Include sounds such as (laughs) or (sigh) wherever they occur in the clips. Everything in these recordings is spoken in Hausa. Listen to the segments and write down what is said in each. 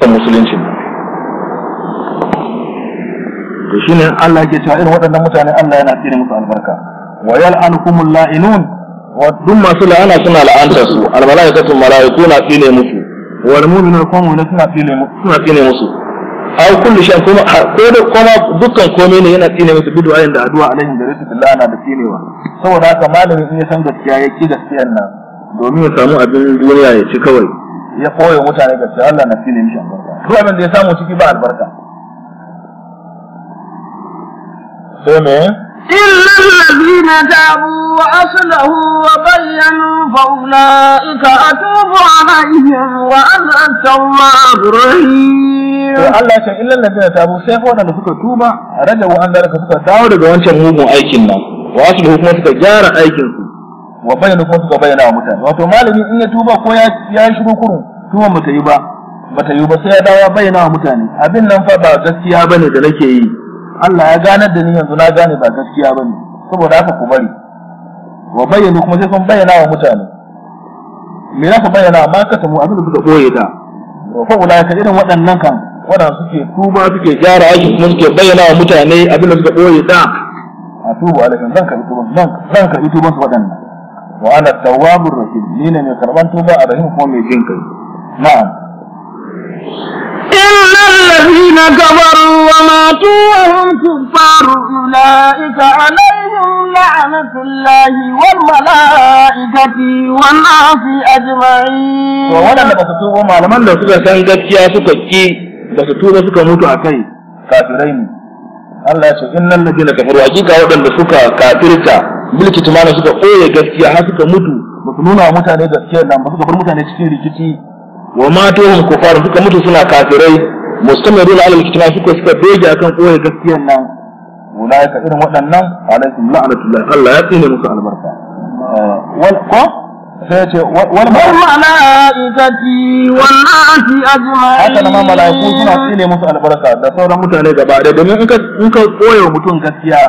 san musulunci da shi ne Allah ke cewa irin waɗannan mutane Allah yana tsire musu albarka wa yal'anukumul la'inun wa duk masu la'ana suna la'antar su al malaikatu malaiku na tsine musu wal mu'minuna kuma suna tsine musu suna tsine musu ai kullu shan kuma ko da kuma dukkan komai ne yana tsine musu bidu ayin da addu'a alaihim da rasul la'ana da tsinewa saboda haka malamin in ya san gaskiya ya ki gaskiyar nan domin ya samu abin duniya ya ci kawai ya koya mutane gaske Allah na fili mishi albarka duk abin da ya samu ciki ba albarka sai me إلا الذين تابوا وأصلحوا وبينوا فأولئك wa عليهم وأنا التواب الرحيم. Allah ya ce illa na tabu sai waɗanda suka tuba rajawa an daraka suka dawo daga wancan mugun aikin nan wa su kuma suka gyara aikin su wa bayyana kuma suka bayyana wa mutane wato malami in ya tuba ko ya ya shiru kurun tuwon bata yi ba bata yi ba sai ya dawo bayyana wa mutane abin nan fa ba gaskiya bane da nake yi Allah ya gane da ni yanzu na gane ba gaskiya bane saboda haka ku bari wa bayyana kuma sai sun bayyana wa mutane me za bayyana ma ka samu abin da suka boye ta? fa ulaka irin waɗannan kan waɗanda suke tuba suke gyara aiki kuma suke bayyana wa mutane abin da suka ɓoye ta a tuba alaikum zan karɓi tuban zan karɓi tuban su waɗannan wa ana tawwabur rahim ni ne mai karɓan tuba a rahim kuma mai jin kai إلا الذين كفروا وماتوا وهم كفار أولئك عليهم لعنة الله والملائكة والناس أجمعين وولا بتتوبوا ما لمن لو سكا كان غكيا سكا كي بتتوبوا سكا موتوا أكاي كافرين Allah ya ce innal ladina kafaru hakika waɗanda suka kafirta mulki tumana suka koye gaskiya har suka mutu ba su nuna mutane gaskiyar nan ba suka bar mutane cikin rikici wa matuhum kufar suka mutu suna kafirai mustamirun alal kitma suka suka doge akan koyar gaskiyar nan ulaika irin waɗannan alaikum la'natullah Allah ya tsine musu albarka uh, wal ko sai ce wal malaikati wallahi ajma'in haka nan malaiku suna tsine musu albarka da sauran mutane gaba da domin in ka in ka koyar mutum gaskiya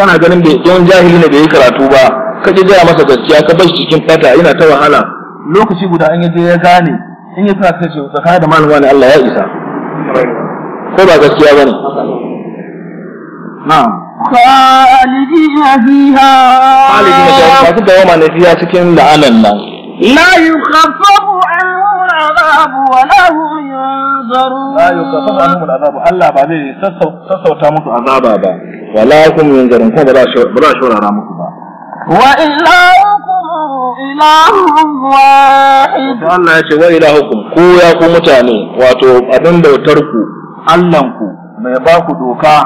kana ganin da yawan jahili ne bai yi karatu ba ka ji jira masa gaskiya ka bar shi cikin fata yana ta wahala lokaci guda in yaje ya gane in ya tana ce tsakanin da malama ne Allah ya isa ko ba gaskiya bane na'am khalidina fiha fi fiha ba su dawama ne fiya cikin la'anan nan la yukhaffafu anhum al'adab wa la yunzarun la yukhaffafu anhum al'adab Allah ba zai sassauta musu azaba ba wa la hum yunzarun ko ba za a shawara musu ba Allah ya ce wa ila hukum ko ya ku mutane wato abin bautar ku Allahn ku mai ba ku doka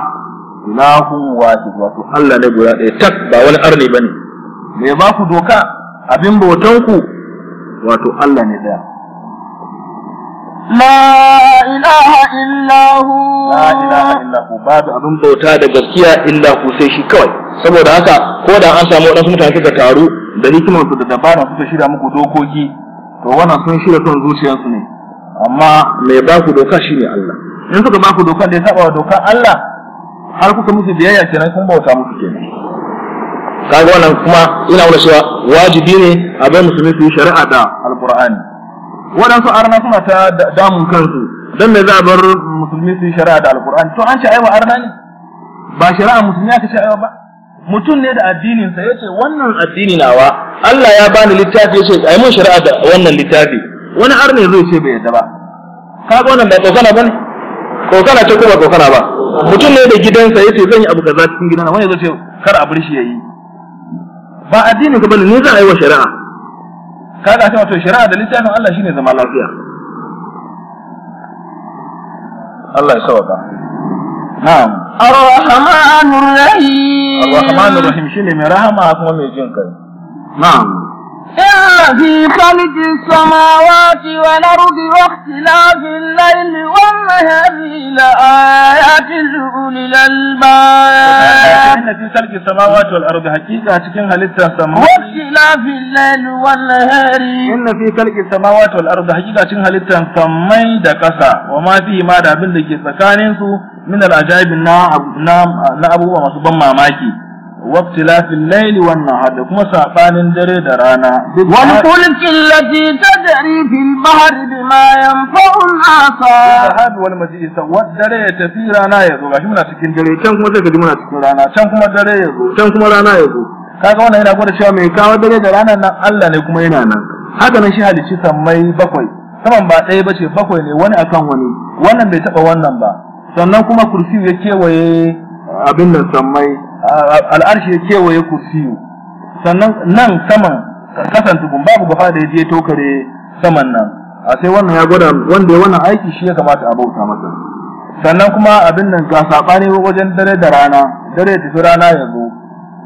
ilahu wahid wato Allah ne guda ɗaya tak ba wani arni bane mai ba ku doka abin bautan ku wato Allah ne daya لا إله إلا هو لا إله إلا هو باب أبن بوتا دا غسكيا إلا هو سيشي كوي سبو دا هكا كودا أنسى مؤلاء سمتها taro da دا لكما سدى دبارا سدى shirya مكو dokoki, to wannan sun shirya son zuciyarsu ne amma mai ba ku doka shine Allah in suka ba ku doka da ya saba wa dokar Allah har kuka musu biyayya kenan kun bauta musu ke kenan kaga wannan kuma ina wani cewa wajibi ne a bai musulmi su yi shari'a da alqur'ani waɗansu arna suna ta damun kansu don me za a bar musulmi su yi shari'a da alkur'ani to an ce arna ne ba shari'a musulmi aka ce ba mutum ne da addininsa ya ce wannan addini nawa Allah ya bani littafi ya ce yi mun shari'a da wannan littafi wani arne zai ce bai yadda ba ka ga wannan ba kokana bane kokana ce kuma ba kokana ba mutum ne da gidansa ya ce zan yi abu kaza cikin gidana wani zai ce kar a bar shi yi. ba addini ka bane ne za a yi wa shari'a kaga ta wato shari'a da littafin Allah shine zama lafiya Allah ya sauka na'am ar-rahmanur rahim ar-rahmanur rahim shine mai rahama kuma mai jin kai na'am في خلق السماوات والأرض واختلاف الليل والنهار لآيات لأولي الألباب. إن في خلق السماوات والأرض حقيقة تكن هلتا سماوات. واختلاف الليل والنهار. إن في خلق السماوات والأرض حقيقة تكن هلتا سمي دكسا وما فيه ما دابن لكي سكانين من العجائب نعم نعم نعم نعم نعم نعم واختلاف الليل والنهار كما سابان دري درانا والفلك التي تجري في البحر بما ينفع الناس الذهاب والمجيء والدري تفي رانا يزو gashi muna cikin dare can kuma sai gaji muna cikin rana can kuma dare yazo can kuma rana yazo kaga wannan yana gwada cewa mai kawo dare da ranar nan Allah ne kuma yana nan haka nan shi halicci sammai bakwai saman ba ɗaya bace bakwai ne wani akan wani wannan bai taba wannan ba sannan kuma kursiyu ya kewaye abin nan sammai al'arshi ya kewaye kursiyu sannan nan saman kasan tukun babu gafa da ya je tokare saman nan a sai wannan ya gwada wanda ya wannan aiki shi ya kamata a bauta masa sannan kuma abin nan ga sabani wajen dare da rana dare da tafi rana ya zo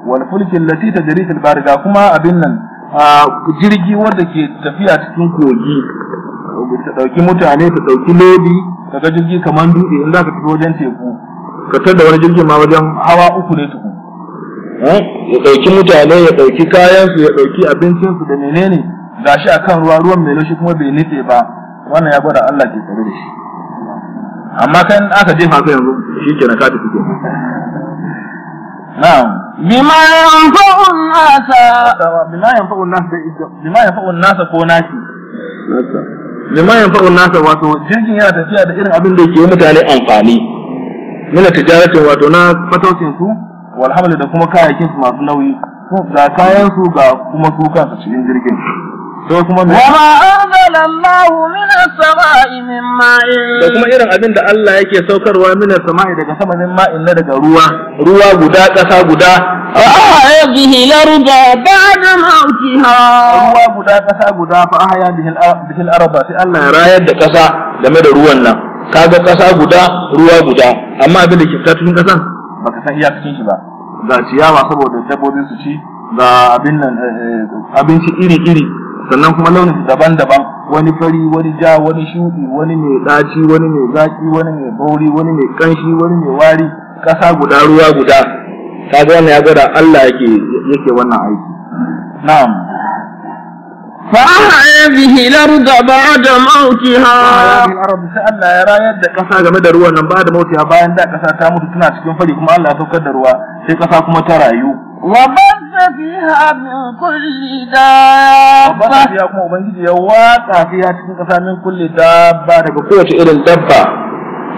wal fulkin lati tajri fil bahri ga kuma abin nan jirgi wanda ke tafiya cikin kogi ta dauki mutane ta dauki lodi kaga jirgi kamar dutse in za ka tafi wajen teku ka da wani jirgin ma wajen hawa uku ne tukun eh, ya ɗauki mutane ya ɗauki kayansu ya ɗauki abincinsu da menene a akan ruwa ruwan mai laushi kuma bai nitse ba wannan ya gwada Allah ke tsare da shi amma kai in aka jefa ka yanzu shi ke na kati kuke na'am bima yanfa'u nasa bima yanfa'u nasa bima yanfa'u nasa ko nasi bima yanfa'u nasa wato jirgin yana tafiya da irin abin da ke mutane amfani mina tijaratin wato na mataucin su da kuma kayayyakinsu su masu nauyi ga kayan su ga kuma su kansu cikin jirgin sai kuma me wama anzalallahu min as-sama'i min ma'in da kuma irin abin da Allah yake saukarwa min as-sama'i daga sama min ma'in na daga ruwa ruwa guda kasa guda fa ahya bihi al-arda ba'da mautiha ruwa guda kasa guda fa ahya bihi al-arda sai Allah ya rayar da kasa game da ruwan nan kaga ƙasa guda ruwa guda amma abin da ke fita cikin ƙasan baka san iyakacin shi ba ga ciyawa saboda dabbobin su ci ga abin nan eh, eh, abinci iri-iri sannan kuma launin daban-daban wani fari wani ja wani shuɗi wani mai ɗaci wani mai zaki wani mai bauri wani mai kanshi wani mai wari ƙasa guda ruwa guda kaga wannan ya gwada Allah yake yake wannan aiki na'am فأحيا به الأرض بعد موتها. بعد موتها بعد موتها بعد موتها وبث فيها من كل دابة وبث فيها كما فيها من كل دابة بقوة إلى الدابة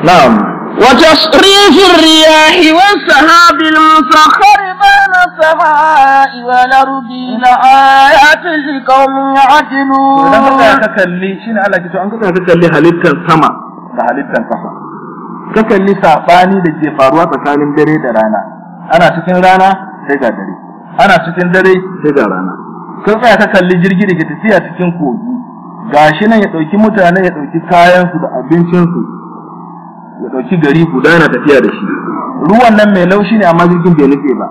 نعم وتصريف الرياح والسحاب المسخر بين السماء والأرض لآيات لقوم يعقلون. لما تكلي شنو على كتو أنك تكلي هلتا السما هلتا السما تكلي ساباني دجي فاروا تكالي دري درانا cikin rana sai ga dare, ana cikin dare sai ga rana Kan tsaya ka kalli jirgi da ke tafiya cikin kogi gashi nan ya ɗauki mutane ya ɗauki kayansu da abincinsu ya ɗauki gari guda na tafiya da shi ruwan nan mai laushi ne amma jirgin bai nufe ba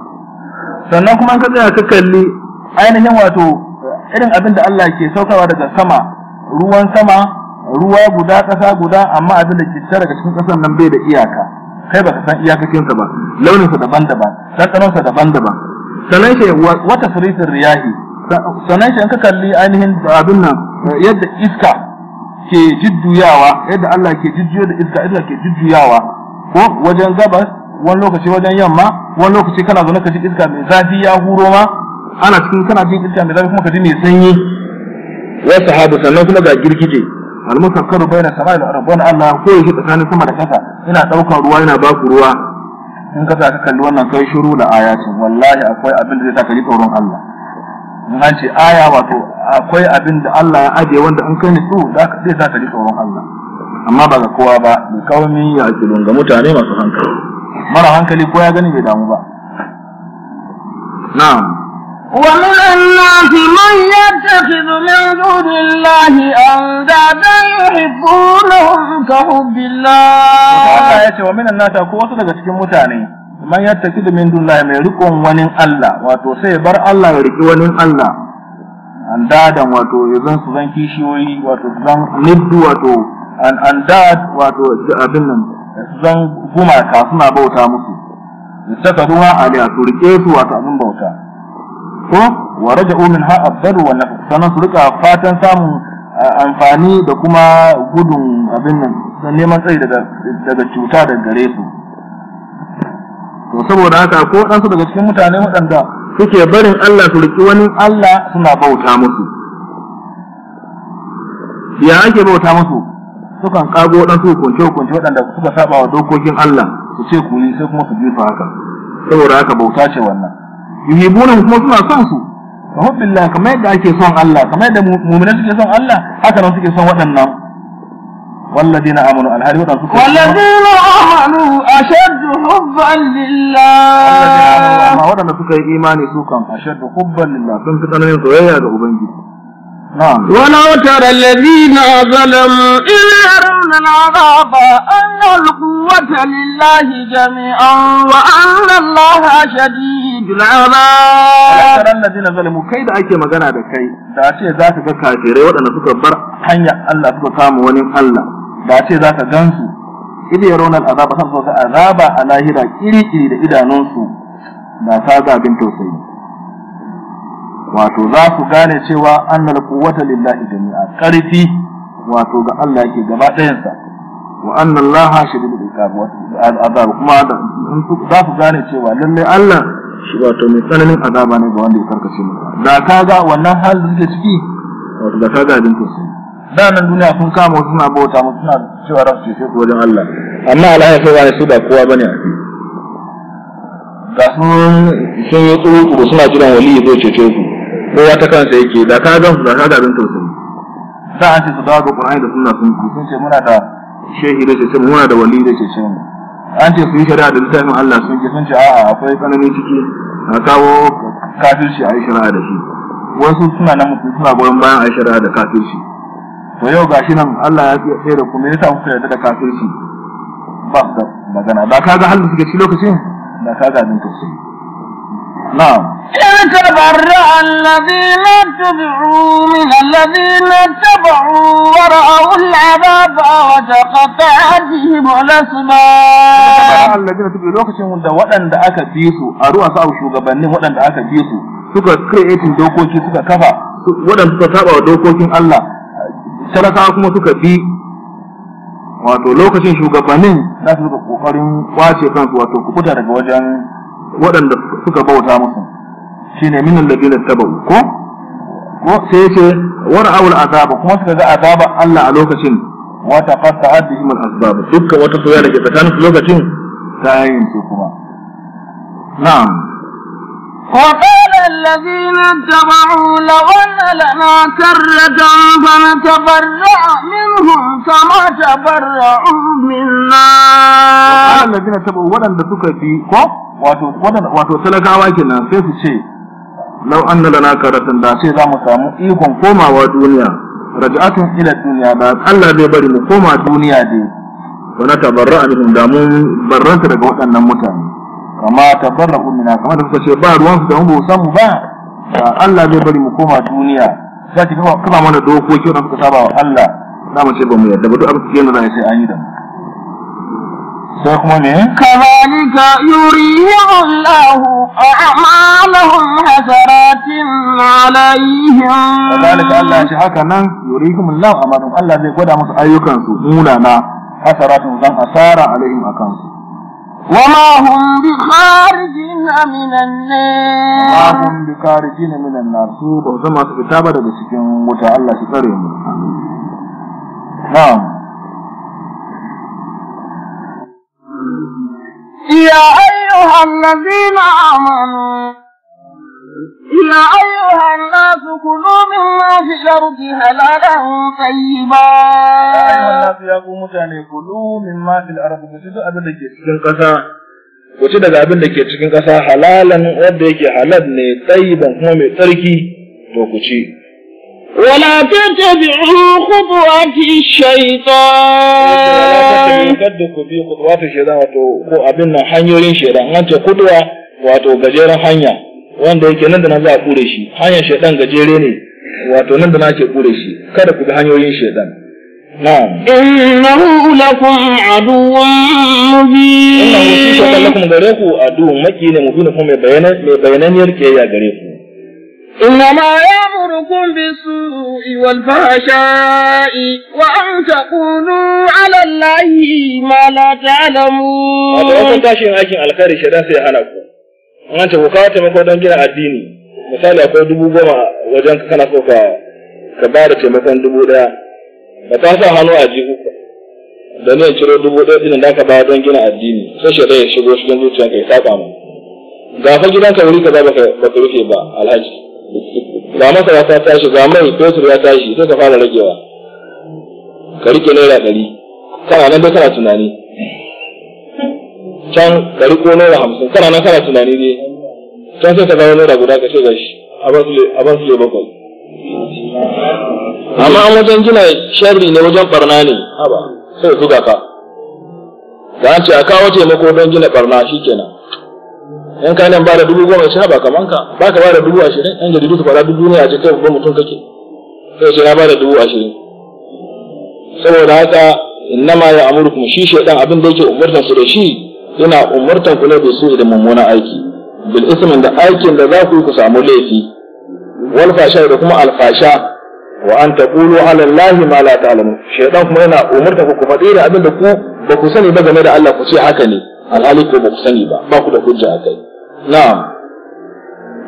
sannan kuma ka tsaya ka kalli ainihin wato irin abin da Allah ke saukawa daga sama ruwan sama ruwa guda ƙasa guda amma abin da ke fita daga cikin ƙasan nan bai da iyaka kai ba ka san iyakakinsa ba launinsa daban-daban sa daban-daban sannan shi wata suritin riyahi sannan shi in ka kalli ainihin abin nan yadda iska ke jidduyawa, yadda Allah ke jujjuyo da iska iska ke jidduyawa ko wajen gabas wani lokaci wajen yamma wani lokaci kana zaune ka ji iska mai zafi ya huro ma ana cikin kana jin iska mai zafi kuma ka ji mai sanyi wa sahabu sannan kuma ga girgije almusakkaru bayna sama'i wa rabbun Allah ko yake tsakanin sama da kasa ina daukar ruwa ina ba ku ruwa in ka saka kalli wannan kai shiru da ayati wallahi akwai abin da zai saka ji tsoron Allah in an ce aya wato akwai abin da Allah ya ajiye wanda in kai nitsu zai saka ji tsoron Allah amma ba ga kowa ba bi kaumi ya ga mutane masu hankali mara hankali ko ya gani bai damu ba na'am ومن الناس من يتخذ من ka الله أندادا Allah ya ce wa يا ومن ko wasu daga cikin mutane man yattakidu min dunlah mai rikon wani Allah wato sai bar Allah ya riki wani Allah an dadan wato yanzu su zan kishiyoyi wato zan niddu wato an an dad wato abin nan zan gumaka suna bauta musu istakaruha aliya su rike su wato abin bauta ko wa raja'u min ha abdaru wa nafsu sanan su rika fatan samun amfani da kuma gudun abin nan neman tsayi daga daga cuta da gare su to saboda haka ko dan su daga cikin mutane waɗanda suke barin Allah su riki wani Allah suna bauta musu ya ake bauta musu sukan kago waɗansu kunce hukunce waɗanda suka saba wa dokokin Allah su ce ku yi sai kuma su jefa haka saboda haka bauta ce wannan yuhibuna kuma suna son su ka hubbillah kamar yadda ake son Allah kamar yadda mu'minai suke son Allah haka nan suke son waɗannan والذين آمنوا الهادي وتنصر والذين آمنوا أشد حبا لله ما ودنا سكر إيماني سوكا أشد حبا لله سنفتنا من da لأبنجي ولو ترى الذين ظلموا إذ يرون العذاب أن القوة لله جميعا وأن الله شديد العذاب ولو ترى الذين ظلموا كيد أيك مغانا بكي da ce za ka ga kafirai waɗanda suka bar hanya Allah suka kama wani Allah da ce za ka gansu ili ya raunar azaba san so ga azaba a lahira kiri-kiri da idanunsu gasa ta zabin tausayi wato za ku gane cewa annal quwwata lillahi jami'a karfi wato ga Allah yake gaba ɗayansa wa anna Allah shadidul iqab wa azab kuma za ku gane cewa lalle Allah shi wato mai tsananin azaba ne ga wanda ya karkace mu da kaga wannan hal da ciki wato da kaga din ku da nan duniya sun kama wasu suna bauta mu suna cewa rasu sai ku wajen Allah amma Allah ya kai su da kowa bane ga sun sun yi tsuru suna jiran wali zo cece ku. kowa ta kansa yake da ka gan da ka ga abin tausayi sa an ce su dawo ga Qur'ani da Sunna sun ku sun ce muna da shehi da ce muna da wali da ce ce an ce su yi shari'a da littafin Allah sun ce sun ce a'a akwai tsananin ciki na kawo kafirci a yi shari'a da shi wasu suna nan mutum suna goyon bayan a yi shari'a da kafirci to yau gashi nan Allah ya tsaye da kuma ya sa muku yarda da kafirci ba magana ba ka ga halin suke ci lokacin da ka ga abin tausayi نعم تبرأ الذين تبعوا من الذين اتبعوا ورأوا العذاب وتقطعت بهم الأسباب الذين aka fi su a ruwa shugabannin aka fi su dokoki kafa dokokin Allah talakawa kuma suka wato lokacin shugabannin za su suka kokarin kwace kansu wato kubuta daga wajen waɗanda suka bauta musu ne min da tabu ko ko sai yace wara awul azaba kuma suka ga azaba Allah a lokacin wa taqatta'at bihim al-asbab dukkan wata soyayya da ke tsakanin lokacin ta yanke kuma na'am وقال الذين اتبعوا لو أن لنا كرة فنتبرأ منهم كما تبرأوا منا وقال الذين اتبعوا ولن تكفي wato wato talakawa kenan sai su ce law anna lana karatan da sai za mu samu ikon komawa duniya raj'atun ila duniya da Allah bai bari mu koma duniya dai wa na tabarra a da damun barranta daga waɗannan mutane kama tabarra minna kama da suka ce ba ruwan su da mu samu ba Allah zai bari mu koma duniya za ki kama mana dokoki wanda suka saba wa Allah za mu ce ba mu yadda ba duk abin da yana sai an yi da mu sai kuma me kadhalika yurihu Allahu a'malahum hasaratin alaihim kadhalika Allah shi haka nan yurihim Allahu a'malahum Allah zai gwada musu ayyukan su munana hasaratin zan asara alaihim akan su وما هم بخارجين من النار وما هم بخارجين من النار سوء وزما سبتابة بسكين وتعالى سكرهم نعم يا أيها الذين آمنوا يا أيها الناس كلوا مما في الأرض حلالا طيبا يا أيها الناس كلوا مما في الأرض كتبوا أبدا cikin ƙasa. ku ci daga abin da ke cikin ƙasa halalan wanda yake halal ne tsayiban kuma mai tsarki to ku ci ولا تتبعوا خطوات الشيطان kada ku bi khutwatu shaytan wato ko abin nan hanyoyin shaytan an ce khutwa wato gajeren hanya wanda yake nan da nan za a shi hanyar shaytan gajere ne wato nan da nan ake kure shi kada ku bi hanyoyin shaytan na'am innahu lakum aduwwun mubin innahu lakum gare ku aduwwun maki ne mubin kuma mai bayanan mai bayananiyar kiyaya gare ku إنما يأمركم بالسوء والفحشاء وأن تقولوا على tashin aikin alkhairi shi sai ya hana ku. In an ce ku kawo taimako don gina addini, misali akwai dubu goma wajen ka kana so ka ba da taimakon dubu ɗaya. Ba ta sa hannu a jihu da ne ciro dubu ɗaya ɗin da ka don gina addini, sai shi ya shigo cikin zuciyanka ya saba mu. Ga fa gidanka wuri ka za ba ka rufe ba, alhaji. ga masara ta tashi ga mai fetur ya tashi sai ka fara ragewa ka rike naira ɗari kana nan dai kana tunani can ka riko naira hamsin kana nan kana tunani dai can sai ka zama naira guda ka ce ga shi a ban su bakwai amma an wajen gina sharri ne wajen barna ne haba sai zuga ka ga an ce a kawo taimako don gina barna shikenan in ka nan ba da dubu goma sha ba kaman ka ba ka ba da dubu ashirin an jaridu su fara dubu ne a cikin babban mutum kake sai ce na ba da dubu ashirin saboda haka ma ya kuma shi shaidan abin da yake umurtan ku da shi yana umurtan ku ne da su da mummunan aiki bil ismin da aikin da za ku yi ku samu laifi wal fasha da kuma alfasha wa an taqulu ala allahi ma la ta'lamun kuma yana umurtan ku ku faɗi da abin da ku ba ku sani ba game da Allah ku ce haka ne alhali ko ba ku sani ba ba ku da hujja kai. نعم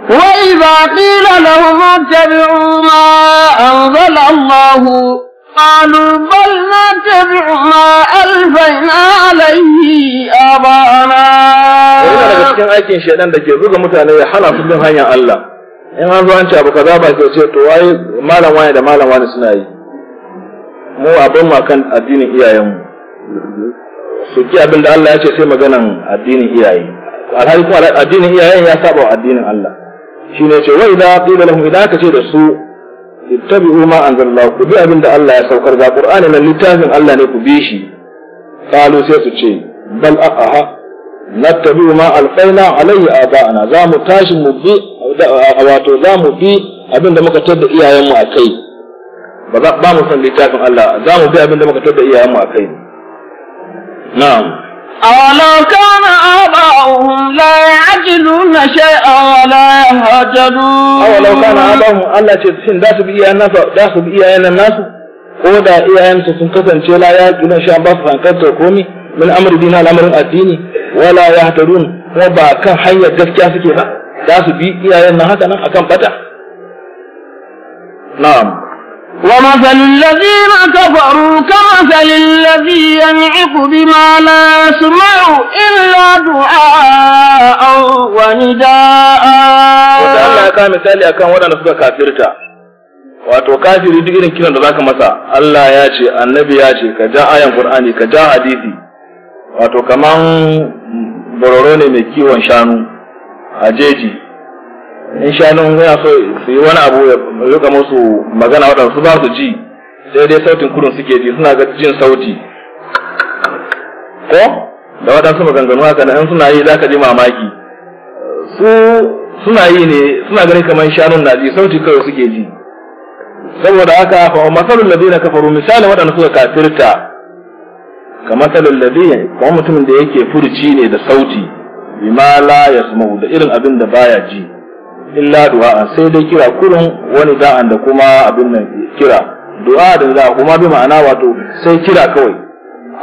وإذا قيل لهم اتبعوا ما أنزل الله قالوا بل نتبع ما ألفينا عليه آباءنا yana daga cikin aikin shaidan da ke zuga mutane ya hana su bin hanyar Allah in an zo an ce abu kaza ba ke ce to waye malam wani da malam wani suna yi mu abin ma kan addinin iyayenmu su ki abin da Allah ya ce sai maganan addinin iyaye alhali ko addinin iyayen ya saba wa addinin Allah Shi ne ce wai da qila lahum idan ka ce da su ittabi'u ma anzalallahu ku bi abinda Allah ya saukar ga Qur'ani nan littafin Allah ne ku bi shi qalu sai su ce bal aha nattabi'u ma alqaina alayhi aba'ana za mu tashi mu bi wato za mu bi abinda da muka tada iyayenmu a kai ba za ba mu san littafin Allah za mu bi abinda da muka tada iyayenmu a kai na'am أولو كان آباؤهم لا يعجلون شيئا ولا يهجلون أولو كان آباؤهم ألا تشين ذات بإيه الناس ذات بإيه الناس ودا إيه أنت تنقسم لا يعجلون شيئا بصفا فانكتر كومي من أمر دينا الأمر الديني ولا يهجلون وبا كان حيا جسكيا سكي ذات بإيه الناس هكذا أكم بتا نعم ومثل الذين كفروا كمثل الذي ينعق بما لا يسمع إلا دعاء ونداء وتعالى كان مثالي أكام waɗanda suka kafirta. wato kafiri duk irin kiran da zaka masa Allah ya ce annabi ya ce ka ja ayan qur'ani ka ja hadisi wato kaman bororo ne mai kiwon shanu a jeji in shanun yana so su yi wani abu ya rika musu magana waɗansu ba su ji sai dai sautin kurun suke ji suna jin sauti ko da waɗansu maganganu haka na 'yan suna yi za ka ji mamaki su suna yi ne suna ganin kamar shanun na ji sauti kawai suke ji saboda haka fa masalul ladina kafaru misalin waɗanda suka kafirta kamar masalul ladina kuma mutumin da yake furci ne da sauti bima la yasma'u da irin abin da baya ji illa du'a sai dai kira kurun wani da'an da kuma abin nan kira du'a da za kuma bi ma'ana wato sai kira kawai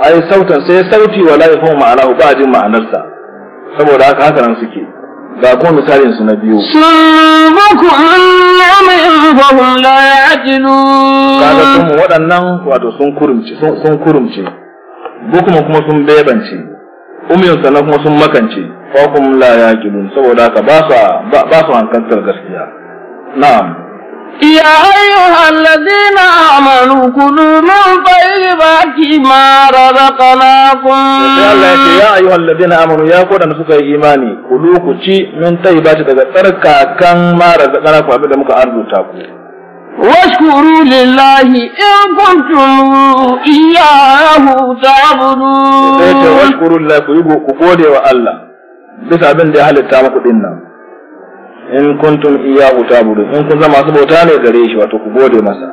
ai sautan sai sauti wala yafhamu ma'ana ba jin ma'anarsa saboda haka haka nan suke ga ko misalin su na biyu kada kuma waɗannan wato sun kurumce sun kurumce bukuma kuma sun bebance umiyun sannan kuma sun makance fahim la yaqilun saboda haka ba su ba su hankaltar gaskiya na'am يا أيها الذين آمنوا كلوا من طيبات ما رزقناكم يا أيها الذين آمنوا يا كون أن سكي إيماني كلوا كشي من طيبات تذكرك كان ما رزقناكم أبدا مك أرجو تاكو واشكروا لله إن كنتم إياه تعبدون واشكروا الله كيبو كفولي والله bisa abin da ya halitta muku din nan in kuntum iyyahu ta'budun in kun zama su bauta ne gare shi wato ku gode masa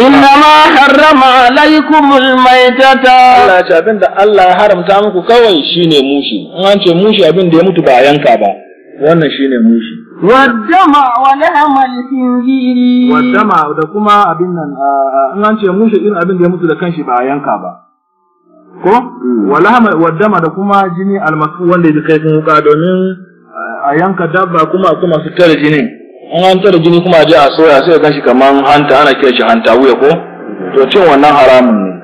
ma harrama عليكم maitata. Allah ce abin da Allah ya haramta muku kawai shine mushi in an ce mushi abin da ya mutu ba a yanka ba wannan shine mushi waddama wa lahmal khinziri waddama da kuma abin nan in an ce mushi irin abin da ya mutu da kanshi ba a yanka ba ko mm. wala wadama da kuma jini almasu wanda ya kai wuka domin a yanka dabba kuma kuma su tare jini an an tare jini kuma a je a soya sai ganshi kaman hanta ana kira shi hanta wuya ko to cin wannan haramun ne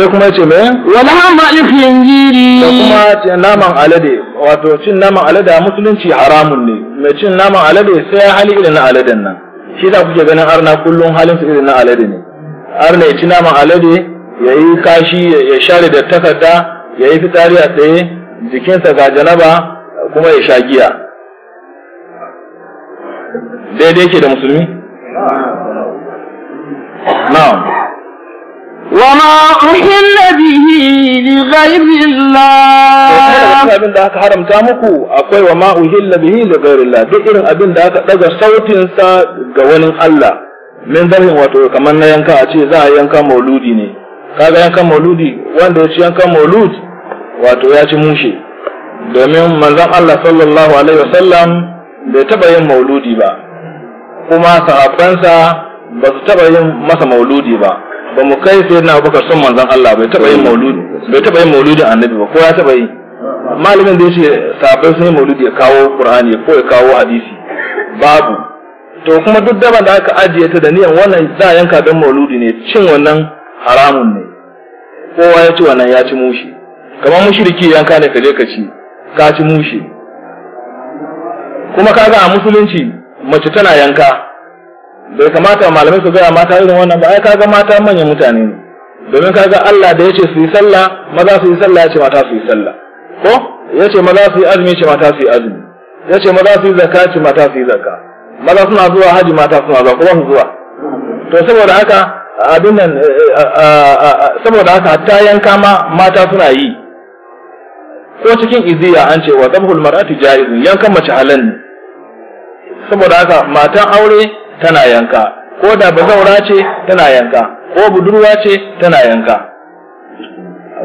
sai kuma ce me wala ma ifin jiri da kuma naman alade wato cin naman alade a musulunci haramun ne mai cin naman alade sai ya hali irin na aladen nan shi da kuke ganin arna kullum halin su irin na alade ne arna ya ci naman alade Yayi kashi ya share da takarda yayi yi fitsari a tsaye jikinsa ga janaba kuma ya sha giya daidai ke da musulmi na'am وما أحل به لغير abin da aka haramta muku akwai wa ma uhilla bihi li duk irin abin da aka daga sautin sa ga wani Allah min zarhin wato kamar na yanka a ce za a yanka mauludi ne kaga yankan mauludi wanda ya ci yankan maulud wato ya ci mushe domin manzon Allah sallallahu alaihi wasallam bai taba yin mauludi ba kuma sahabbansa ba su taba yin masa mauludi ba ba mu kai sai na Abubakar son manzon Allah bai taba yin mauludi bai taba yin mauludi annabi ba ko ya taba yi malamin da yace sahabban sun yi mauludi ya kawo Qur'ani ko ya kawo hadisi babu to kuma duk daban da aka ajiye ta da niyan wannan za yanka dan mauludi ne cin wannan haramun ne kowa ya ci wannan ya ci mushi kamar mushriki yanka ne ka je ka ci ka ci mushi kuma kaga a musulunci mace tana yanka bai kamata malamai su gaya mata irin wannan ba ai kaga mata manyan mutane ne domin kaga Allah da yace su yi sallah maza su yi sallah yace mata su yi sallah ko yace maza su yi azumi yace mata su yi azumi yace maza su yi zakka yace mata su yi zakka maza suna zuwa haji mata suna zuwa kuma su zuwa to saboda haka abin nan eh, eh, eh, saboda haka hatta yanka ma mata suna yi ko cikin iziya an ce wa zabhul mar'ati jaizun yankan mace halal ne saboda haka matan aure tana yanka ko da bazaura ce tana yanka ko budurwa ce tana yanka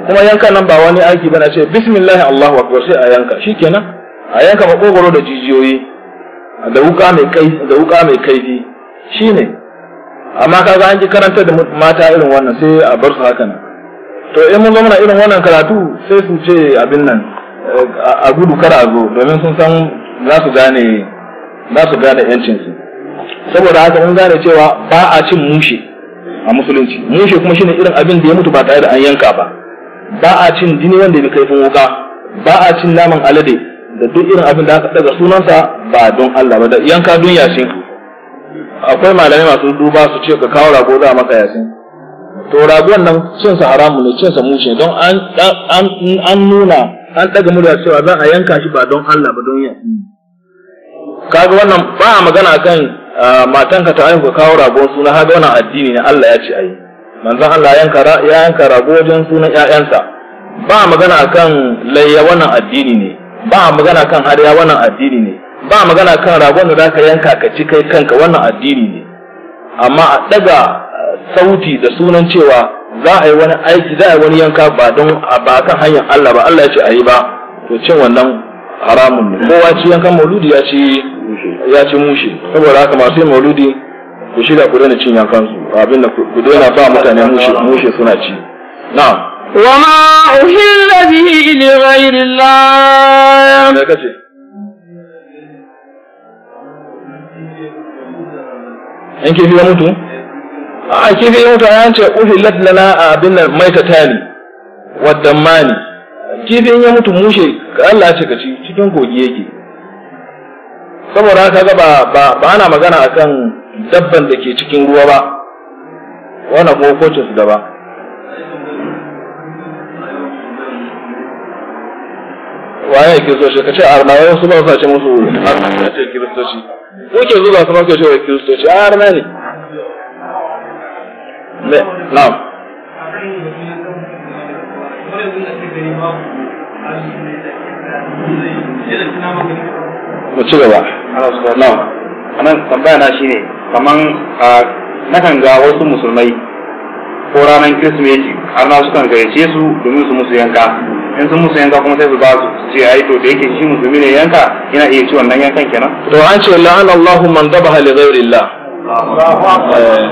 kuma yanka nan ba wani aiki bane ce bismillah Allahu akbar sai a yanka shikenan a yanka makogoro da jijiyoyi da wuka mai kai da wuka mai kaifi shine amma kaga an ji karanta da mata irin wannan sai a bar su haka nan to in mun zo muna irin wannan karatu sai su ce abin nan a gudu kar a zo domin sun san za su gane za su gane yancin su saboda haka mun gane cewa ba a cin mushe a musulunci mushe kuma shine irin abin da ya mutu ba tare da an yanka ba ba a cin jini wanda ya kaifin wuka ba a cin naman alade da duk irin abin da aka daga sunansa ba don Allah ba da yanka duniya shi akwai malamai masu duba su ce ka kawo rago za a maka yasin to ragon nan cin sa haramu ne cin sa mushe don an an nuna an daga murya cewa za a yanka shi ba don Allah ba don ya kaga wannan ba magana kan matanka ta aiko kawo ragon suna kaga wannan addini ne Allah ya ce ayi manzon Allah yanka ya yanka rago wajen sunan ƴaƴansa ba a magana kan layya wannan addini ne ba magana kan hariya wannan addini ne ba magana kan ragon da zaka yanka ka ci kai kanka wannan addini ne amma a daga eh, sauti da sunan cewa za a yi wani aiki za a yi wani yanka ba don ba kan hanyar Allah ba Allah ya ce a yi ba to cin wannan haramun ne kowa ci yankan mauludi ya ci ya ci mushe saboda haka masu yin mauludi ku shirya ku daina cin yankan su abin da ku daina ba mutane mushe mushe suna ci na'am وما أحل به لغير الله in kifi ya mutu a kifi ya mutu an ce uhillat lana abin nan mai tatani wa dammani kifin ya mutu mushe ka Allah ya ce ka ci cikin kogi yake saboda ka ga ba ba ana magana akan dabban da ke cikin ruwa ba wannan kuma kocin su daban waye ke so ka ce armawa wasu ba su ce musu armawa ce kiristoci kuke zuwa su maka cewa shi a na ne na mu ci gaba na'am anan tambaya na shine kaman na kan ga wasu musulmai ko ranar kirsimeti har na sukan gayyace su domin su musu yanka in sun musu yanka kuma sai su ba su ce ai to da yake shi musulmi ne yanka ina iya ci wannan yankan kenan to an ce la'an Allahu man dabaha li ghairillah eh,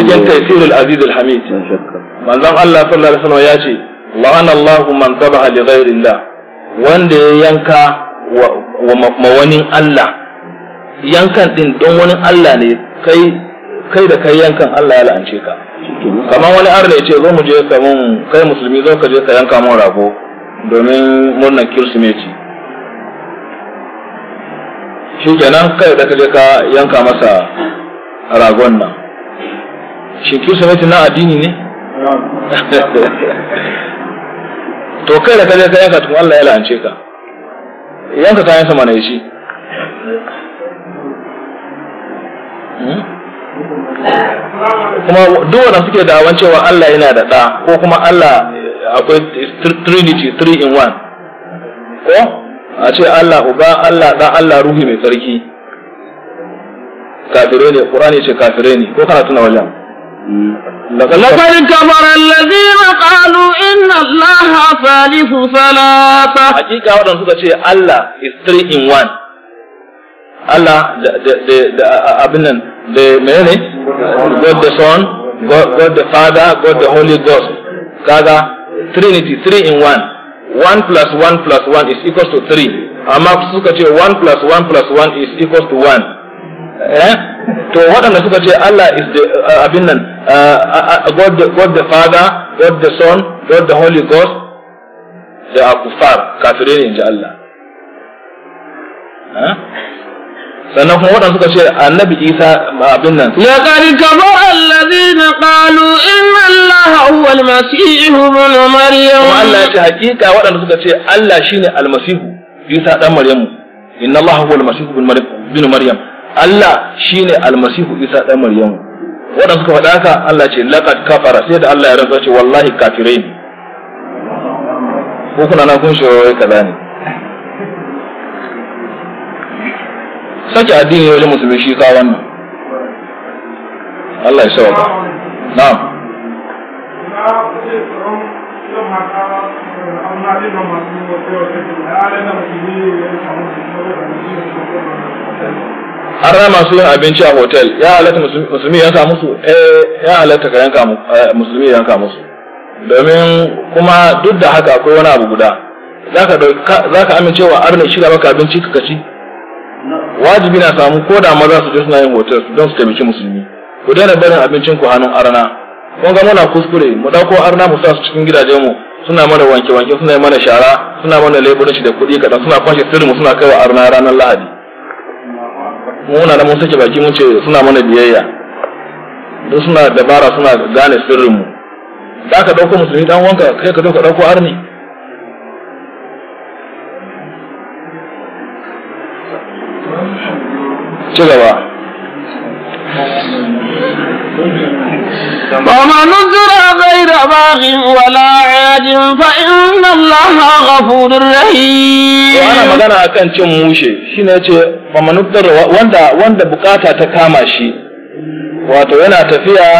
cikin tafsirul aziz al-hamid manzon Allah sallallahu alaihi wasallam ya ce la'an Allahu man dabaha li ghairillah wanda ya yanka wa mawanin Allah yankan din don wani Allah ne kai kai da kai yankan Allah ya la'ance ka kamar wani arna ya ce zo mu je ka mun kai musulmi zo ka je ka yanka mun rago domin murnar kirsimeti shi kenan kai da ka je ka yanka masa ragon nan shi kirsimeti na addini ne (laughs) to kai da ka je ka yanka tun Allah ya la'ance ka yanka kayan sama ne shi kuma duk wanda suke awan cewa Allah yana da ɗa ko kuma Allah akwai trinity three in one ko a ce Allah uba Allah ɗa Allah ruhi mai tsarki kafirai ne Qur'ani ce kafirai ne ko kana tuna wajen لقد كفر الذين قالوا إن الله ثالث ثلاثة حقيقة ودن suka ce Allah is three in one Allah da abin nan the many, God the Son, God, God the Father, God the Holy Ghost. Kaga Trinity, three in one. One plus one plus one is equals to three. Amma to ce one plus one plus one is equals to one. Eh? To waɗanda to say Allah is the uh, uh abin uh, uh, uh, God, the, God the Father, God the Son, God the Holy Ghost, they are kufar, in Allah. sannan kuma waɗanda suka ce annabi isa abin nan ya kari kabo allazina qalu inna allaha huwa almasih ibn maryam Allah ya ce hakika waɗanda suka ce Allah shine Almasihu, isa dan maryam inna allah huwa masihu ibn maryam Allah shine Almasihu isa dan maryam waɗanda suka faɗa haka Allah ce laqad kafara sai da Allah ya rantsa ce wallahi kafirai ko kuna na kun shi kaza ne sake addini wajen musulmi shi ka wannan Allah ya sauka na'am an rama masu yin abinci a hotel ya halatta musulmi yanka musu eh ya halatta ka yanka eh, musulmi yanka musu domin kuma duk da haka akwai wani abu guda za ka amince wa arna shiga maka abinci ka kaci? wajibi na samu ko da maza su je suna yin hotel don su taimaki musulmi ku daina barin abincin ku hannun arna kun ga muna kuskure mu dauko arna mu sa su cikin gidajen mu suna mana wanke wanke suna yi mana shara suna mana shi da kuɗi kaɗan suna kwashe mu suna kai wa arna ranar lahadi muna da mun sake baki mun ce suna mana biyayya duk suna dabara suna gane sirrinmu za ka ɗauko musulmi dan wanka kai ka zo ka ɗauko arni ci gaba ومن زرع غير باغ ولا عاد فإن الله غفور رحيم وانا magana akan cin mushe shine yace ba manufar wanda wanda bukata ta kama shi wato yana tafiya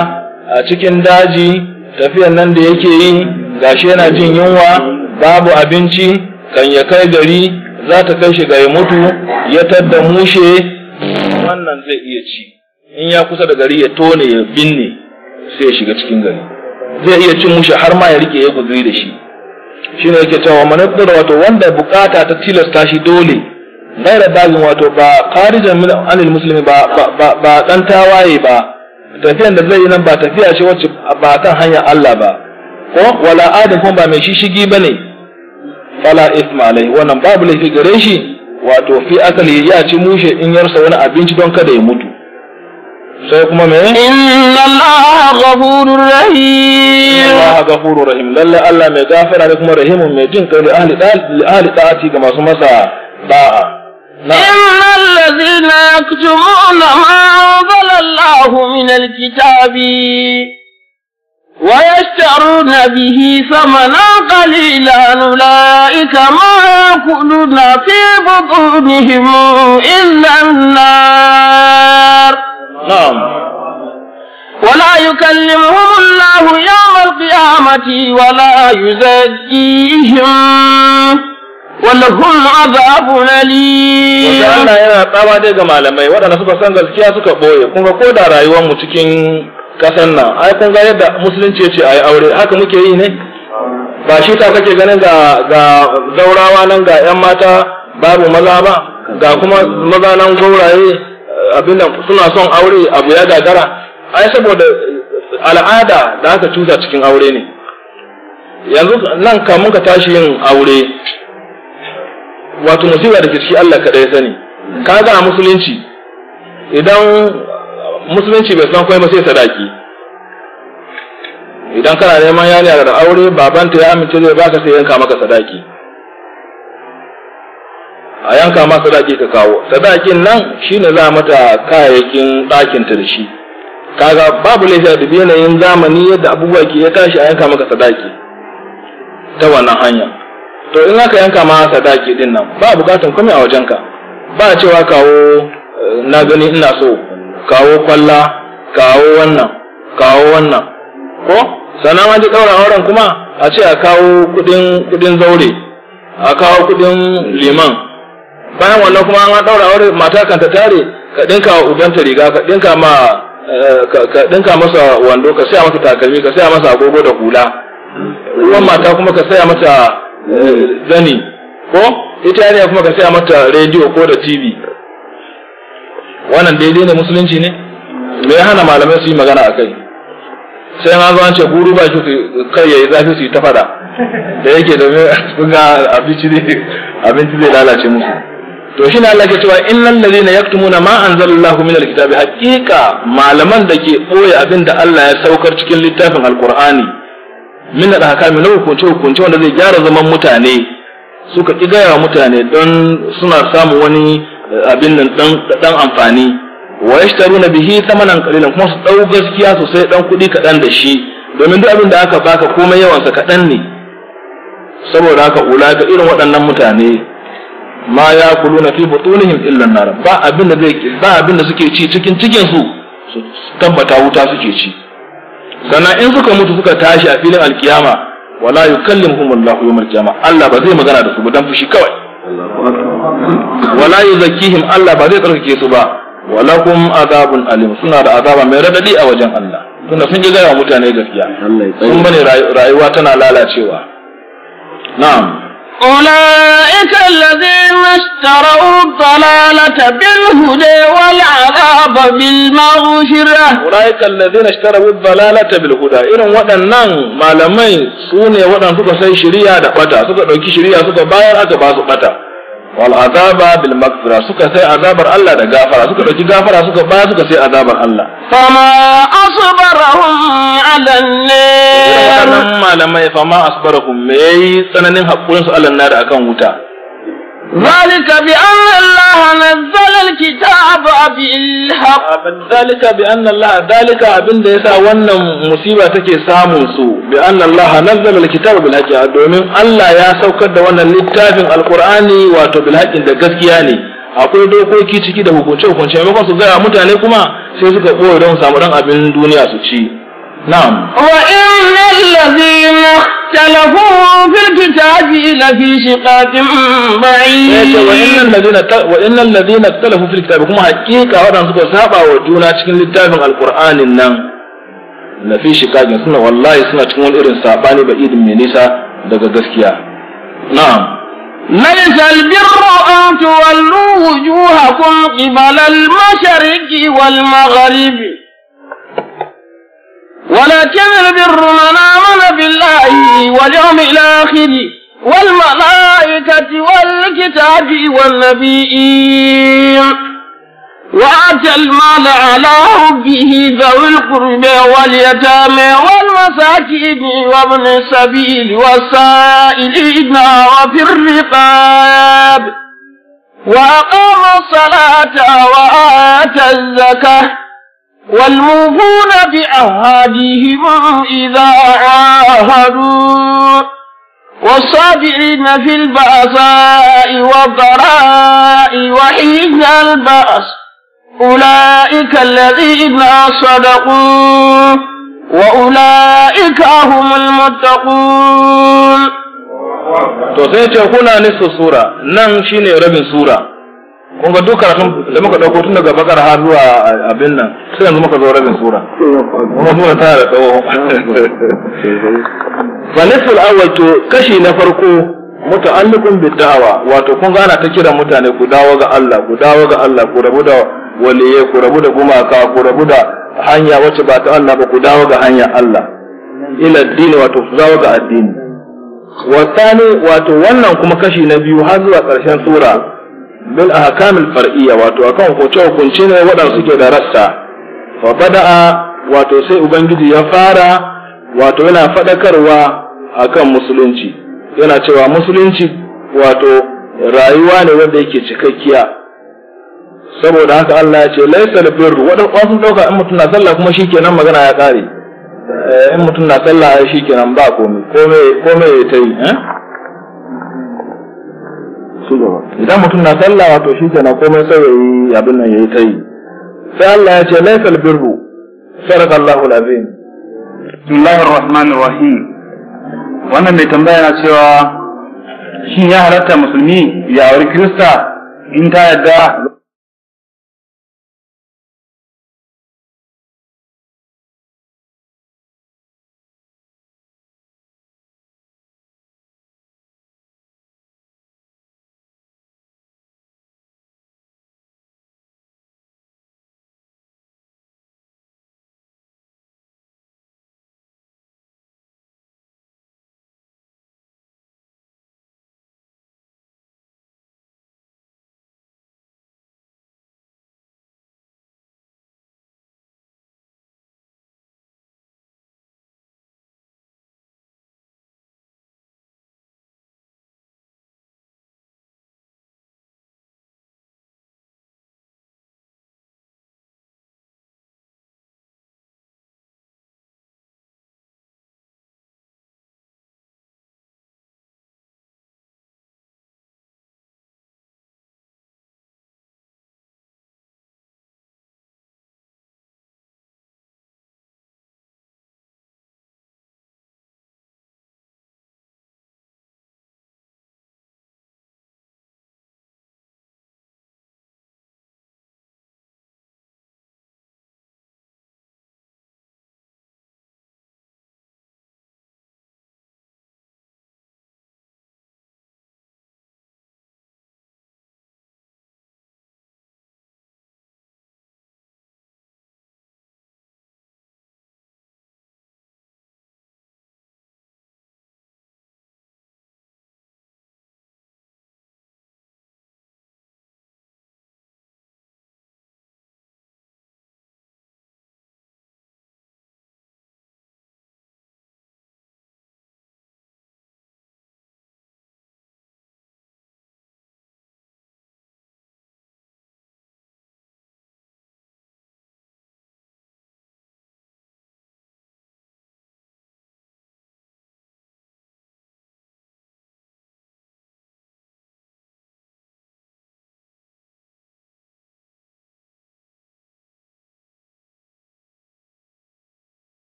a cikin daji tafiyan nan da yake yi gashi yana jin yunwa babu abinci kan ya kai gari za ta kai shi ga ya mutu ya tadda mushe wannan zai iya ci in ya kusa da gari ya tone ya binne sai ya shiga cikin gari zai iya cin mushi har ma ya rike ya guzuri da shi shi ne yake cewa manadar wato wanda bukata ta tilasta shi dole gaira bagin wato ba karijan min anil muslimi ba ba ba dan tawaye ba tafiyan da zai yi nan ba tafiya ce wacce ba kan hanyar Allah ba ko wala adam kuma ba mai shishigi bane fala isma alai wannan babu laifi gare shi wato fi akali ya ci mushe in yarsa wani abinci don kada ya mutu sai kuma me inna allaha ghafurur rahim allaha ghafurur rahim lalla Allah mai gafara ne kuma rahimun mai jin kai ahli ahli ta'ati ga masu masa da'a إن الذين يكتمون ما أنزل الله من الكتاب ويشترون به ثمنا قليلا أولئك ما يأكلون في بطونهم إلا النار نعم ولا يكلمهم الله يوم القيامة ولا يزكيهم walahum azabun alim wanda Allah yana tsama dai ga malamai waɗanda suka san gaskiya suka boye kuma koda da rayuwar mu cikin kasan nan ai kun ga yadda musulunci ya ce ai aure haka muke yi ne ba shi ta kake ganin ga ga zaurawa nan ga yan mata babu maza ba ga kuma maza nan gauraye Abinda suna son aure abu ya gagara ai saboda al'ada da aka tuta cikin aure ne yanzu nan ka ka tashi yin aure wato musiba da ke ciki Allah kaɗai sani kaga a musulunci idan musulunci bai san kwai ba sai sadaki idan kana neman yariya da aure babanta ya amince zai baka sai yanka maka sadaki a yanka ma sadaki ka kawo sadakin nan shine za mata kayayyakin ɗakin ta da shi kaga babu laifi a dubi yanayin zamani yadda abubuwa ke ya tashi a yanka maka sadaki ta wannan hanya to in aka yanka ma sadaki din nan ba bukatan komai a wajenka ba cewa kawo eh, na gani ina so kawo kwalla kawo wannan kawo wannan ko sannan an ji ɗaura auren kuma a ce a kawo kuɗin zaure a kawo kuɗin liman bayan wannan kuma an ɗaura aure mata kan ta tare ka ɗinka ta riga ka ɗinka ma eh, ka ɗinka masa wando ka saya masa takalmi ka saya masa agogo da hula ruwan mata kuma ka saya mata eh, zani ko ita ne kuma ka saya mata rediyo ko da tv wannan daidai ne musulunci ne me ya hana malamai su yi magana a kai sai ma zuwa ce guru ba shi kai ya yi zafi su yi ta fada da yake da sun ga abinci zai lalace musu to shi ne Allah ke cewa innal ladina yaktumuna ma anzalallahu min alkitabi haqiqa malaman da ke boye abin da Allah ya saukar cikin littafin alqur'ani min da hakami na hukunce hukunce wanda zai gyara zaman mutane suka ki gaya mutane don suna samun wani abin nan dan amfani wa yashtaruna bihi thamanan qalilan kuma su dau gaskiya sosai dan kuɗi kaɗan da shi domin duk abin da aka baka komai yawansa kaɗan ne saboda haka ula ga irin waɗannan mutane ma ya kuluna fi butunihim illa nar ba abin da zai ba abin da suke ci cikin cikin su tabbata wuta suke ci sannan in suka mutu suka tashi a filin alkiyama wala yukallimuhum yawmal qiyamah Allah ba zai magana da su ba dan fushi kawai wala yuzakkihim Allah ba zai tsarkake su ba walakum azabun alim suna da azaba mai radadi a wajen Allah tunda sun ji gaya mutane gaskiya sun bane rayuwa tana lalacewa na'am أولئك الذين اشتروا الضلالة بالهدى والعذاب بالمغفرة أولئك الذين اشتروا الضلالة بالهدى إنهم إذن ودنان ما لمين سوني ودن سوك سي شريعة دا بطا سوك دوكي شريعة سوك باير أكبا سوكا wal azaba bil maghfira suka sai azabar Allah da gafara suka dauki gafara suka ba suka sai azabar Allah fama asbarahum ala nar malamai fama asbarahum me tsananin hakurin su Allah na da akan wuta zalika bi anna A nazarin kitabu abu illa. Dalika bi'anallaha dalika abin da wannan musiba take samun su bi'anallaha nazarin kitabu bilakiyata domin Allah ya saukar da wannan littafin Alƙur'ani wato bilakin da gaskiya ne. Akwai dokoki, ciki da hukunce-hukunce, makon su gaya mutane kuma sai suka ɓoye don samu ran abin duniya su ci. نعم وإن الذين اختلفوا في الكتاب لفي شقاق بعيد وإن الذين وإن الذين اختلفوا في الكتاب هم حقيقة ودان سكو سابا وجونا cikin littafin alqur'anin nan lafi shiqaqin suna wallahi suna cikin wani irin sabani ba idin mai nisa daga gaskiya na'am ليس البر أن تولوا وجوهكم قبل المشرق والمغرب ولكن البر من آمن بالله واليوم الآخر والملائكة والكتاب والنبيين وآتى المال على حبه ذوي القربى واليتامى والمساكين وابن السبيل والسائلين وفي الرقاب وأقام الصلاة وآتى الزكاة والموفون بعهدهم إذا عاهدوا والصابرين في البأساء والضراء وحين البأس أولئك الذين صدقوا وأولئك هم المتقون تو sai ce kuna nisu sura nan shine kun ga duk karatun da muka dauko tun daga bakar har zuwa eh, abin nan sai yanzu muka zo rabin sura kuma sura ta da tsawo fa nisful awwal to kashi na farko muta'alliqun bid da'wa wato kun ga ana ta kira mutane ku dawo ga Allah ku dawo ga Allah ku rabu da waliye ku rabu da gumaka ku rabu da hanya wacce ba ta Allah ba ku dawo ga hanya Allah ila addini wato ku dawo ga addini wa wato wannan kuma kashi na biyu har zuwa ƙarshen sura bil ahkamil far'iyya wato akan hukunce hukunce ne waɗanda suke da rassa fa bada'a wato sai ubangiji ya fara wato yana faɗakarwa akan musulunci yana cewa musulunci wato rayuwa ne wanda yake cikakkiya saboda haka Allah ya ce laisa da birru waɗanda kwasu ɗauka in mutum na sallah kuma shikenan magana ya ƙare eh, in mutum na sallah shikenan ba komai komai komai ya ta yi eh? idan mutum na sallah wato shi na komai sai yayi abin nan yayi yi sai Allah ya ce laifal birru sadaqallahu alazim bismillahir rahmanir rahim wannan mai tambaya na cewa shin ya halatta musulmi ya auri kirista in ta yadda